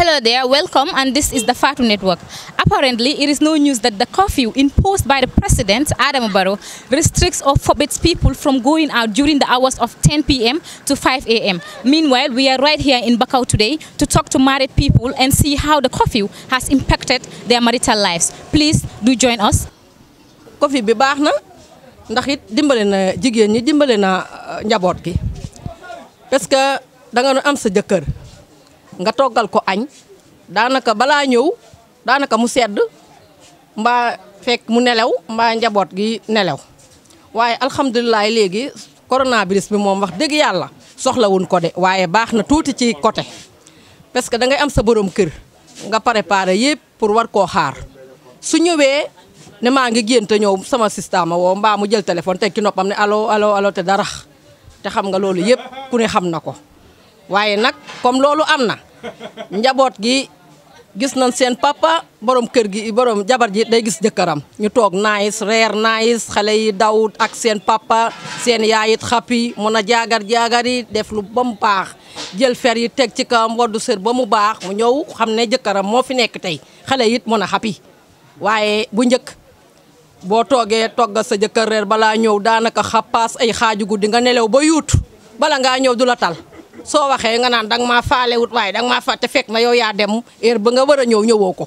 Hello there, welcome, and this is the Fatu Network. Apparently, it is no news that the curfew imposed by the President, Adam Barrow, restricts or forbids people from going out during the hours of 10 p.m. to 5 a.m. Meanwhile, we are right here in Bakau today to talk to married people and see how the curfew has impacted their marital lives. Please do join us. Curfew bi baax na ndax it na jigéen ñi dimbali na euh, njaboot gi parce que da nga am sa nga togal ko agn danaka bala ñew danaka mu sedd mba fek mu nelew mba njabot gi nelew waaye alhamdulilah léegi coronavirus bi mom wax yalla soxla wun ko de waye baxna tuti ci côté parce que da ngay am sa borom kër nga préparer yépp pour war ko xaar su ñëwee ne maa ngi ñew sama système wo mba mu jël téléphone tek ci nopam ne allo allo allo te dara te xam nga lolu yépp ku ne xam nako waye nak comme lolu amna njaboot gi gis nañ seen papa borom kër gi borom jabar ji day gis jëkkëram ñu toog naayis reer naayis xale yi daw ak seen papa seen yaayit xappi mun a jaagar jaagar def lu ba mu baax jël fer yi teg ci kawam waddu sër ba mu baax mu ñëw xam ne jëkkëram moo fi nekk tey xale yit mun a xappi waaye bu njëkk boo toogee toggal sa jëkkër reer balaa ñëw daanaka xappaas ay xaaju guddi nga nelew ba yuut bala ngaa ñëw du la tal soo waxee nga naan danga maa faale wut waaye danga maa fàtte fekk na yow yaa dem heure ba nga war a ñëw ñëwoo ko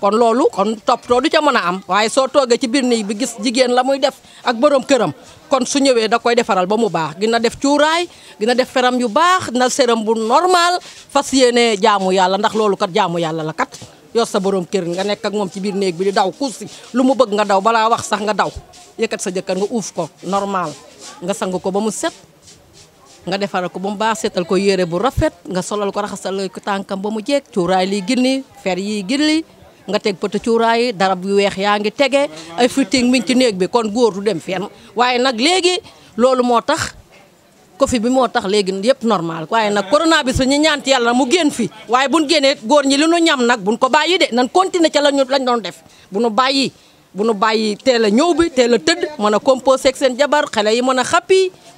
kon loolu kon toppatoo du ca mën a am waaye soo toogee ci biir néeg bi gis jigéen la muy def ak borom këram kon su ñëwee da koy defaral ba mu baax dina def cuuraay dina def feram yu baax na seram bu normal fas yéene jaamu yàlla ndax loolu kat jaamu yàlla la kat yor sa borom kër nga nekk ak moom ci biir néeg bi di daw kuusi lu mu bëgg nga daw balaa wax sax nga daw yëkkat sa jëkkër nga uuf ko normal nga sang ko ba mu set nga defaral ko ba mu baax seetal ko yére bu rafet nga solal ko raxasal ko tànkam ba mu jeeg cuuraay liy ginni fer yi ginni nga teg pëtu cuuraay dara bu weex yaa ngi tege ay fitting miñ ci néeg bi kon góor du dem fenn waaye nag léegi loolu moo tax Covid bi moo tax léegi yëpp normal waaye nag corona bi su ñu ñaan ci yàlla mu génn fi waaye buñ génnee góor ñi li nu ñam nag buñ ko bàyyi de nan continuer ca lañu lañ doon def bu nu bàyyi bu nu bàyyi teel a bi teel a tëdd composé ak seen jabar xalé yi mën a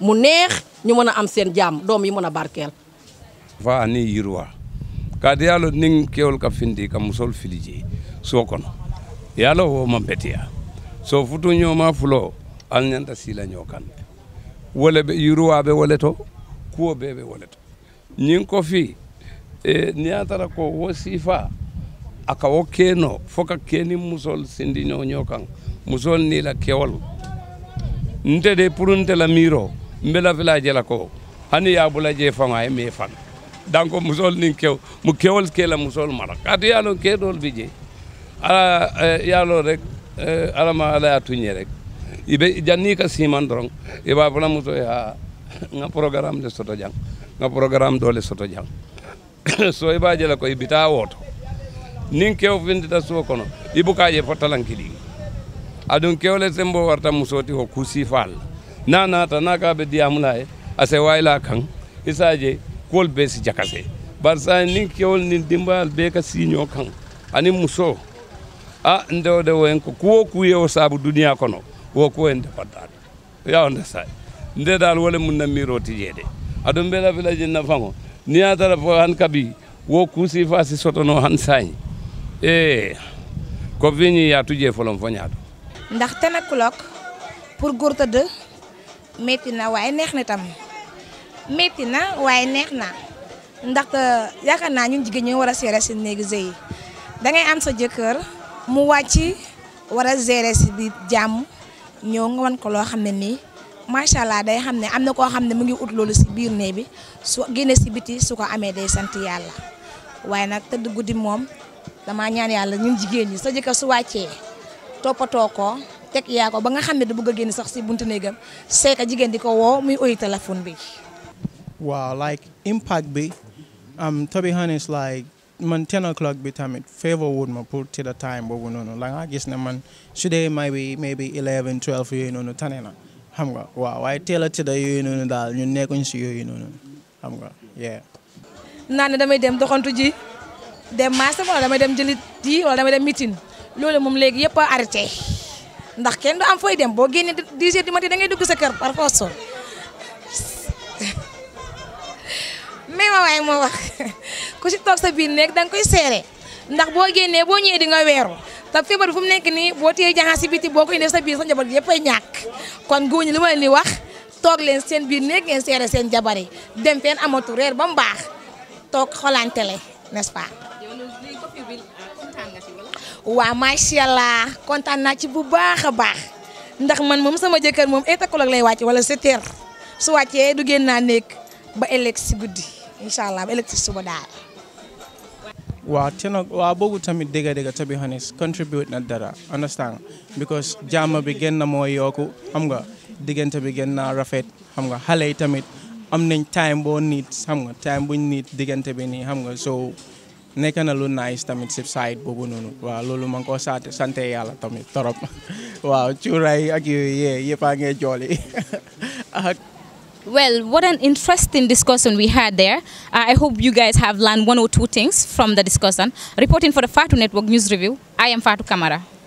mu neex ñu mën a am seen jaam doom yi mëna a barkeel fa ani yirwa kadi ye a lo niŋ kewol ka findi ka musol fili je suo kono lo wo ma beteya so futu ñooma fulo al ñanta siila ñoo kaŋ wala le be yiruwa be wala to kuo bee be wala to ñiŋ ko fi e eh, niŋ ko wo siifaa aka wo keno fo ka keni musol sindi ñoño kan musol ni la kewol nte de pour nte la miro mbe la village la ko hani ya bula je fanga e me fan donc musol ni kew mu kewol ke la musol mara kat ya lo ke dol bije je eh, ya lo rek eh, ala ma ala ya tunye rek ibe janni ka siman e ba bula muso ya nga programme de soto jang nga programme dole soto jang so iba je la ko ibita woto nin kew findita suo kono ibukaje buka fo aɗum kewle sembo warta musoti ko kusi fal na nata na ka ɓe diyamula e ase wayla kan isaje kol be si jakase bar sa nin kewol nin dimbayal be ka siño kan ani muso a ndewde woen ko kuwo kuye o saabu duniya kono wo kuwo en depattaɗo yawnde sa nde dal wole mum nammiro tijeede aɗum mbeɗa filaji nafango ni a tara fo han kabi wo kuusi fa si sotono han sañi e ko veni ya tuje folom foñaatu ndax ten o'clock pour góor tëdd métti na waaye neex na tam métti na waaye neex na ndax ndaxte euh, yaakaar naa ñun jigéen ñu war a seere si néegi sëy yi da ngay am sa jëkkër mu wàcc war a gérer si bi jàmm ñëw nga wan ko loo xam ne nii macha allah day xam ne am na koo xam ne mu ngi ut loolu si biir néeg bi su génne si biti su ko amee day sant yàlla waaye nag tëdd guddi moom damaa ñaan la ñun jigéen ñi sa jëkkër su wàccee toppatoo ko teg yaa ko ba nga xam ne da bëgg a génn sax si buntu néegam seeka jigéen di ko woo muy oyi téléphone bi. waaw like impact bi am um, to be man ten bi tamit favor wood ma pour tëdd time boobu noonu la gis ne man su dee maybe bi eleven twelve yooyu noonu tane na xam nga waaw waaye teel a tëdd yooyu noonu daal ñun nekkuñ si yooyu noonu xam nga yeah. naa ne damay dem doxantu dem marché wala dama dem jëlit di wala dama dem meeting lolu mom léegi yëpp arrêté ndax kenn du am foy dem bo génné 10 heures du matin da ngay dugg sa kër par force mais ma way mo wax ku ci tok sa biir nek dang koy séré ndax bo génné bo ñëw di nga wéru ta feebar fu mu nek ni bo téye jaxaa si biti boo ko sa bi sa jabar yëpp ay ñàkk kon goñu ñi ni wax tok leen seen bi nek ngeen séré seen jabaré dem fenn amatu rër ba mbax tok xolantélé n'est-ce pas waaw macha allah kontaan naa ci bu baax a baax ndax man moom sama jëkkër moom ay takkaloog lay wàcc wala sept heures su wàccee du génn naa nekk ba ëllëg si guddi incha allah ba ëllëg si suba daal. waaw te nag waaw boobu tamit dégg dégg to be honest contribute na dara understand because jàmm bi gën na moo yooku xam nga diggante bi gën na rafet xam nga xale yi tamit am nañ time boo nit xam nga time buñ nit diggante bi nii xam nga so. nekk na lu nice tamit si side boobu noonu waaw loolu ma ngi koo sant yàlla tamit torop waaw ak yooyu yee yëpp a ngi jooli Well, what an interesting discussion we had there. Uh, I hope you guys have learned one or two things from the discussion. Reporting for the Fatu Network News Review, I am Fatu Kamara.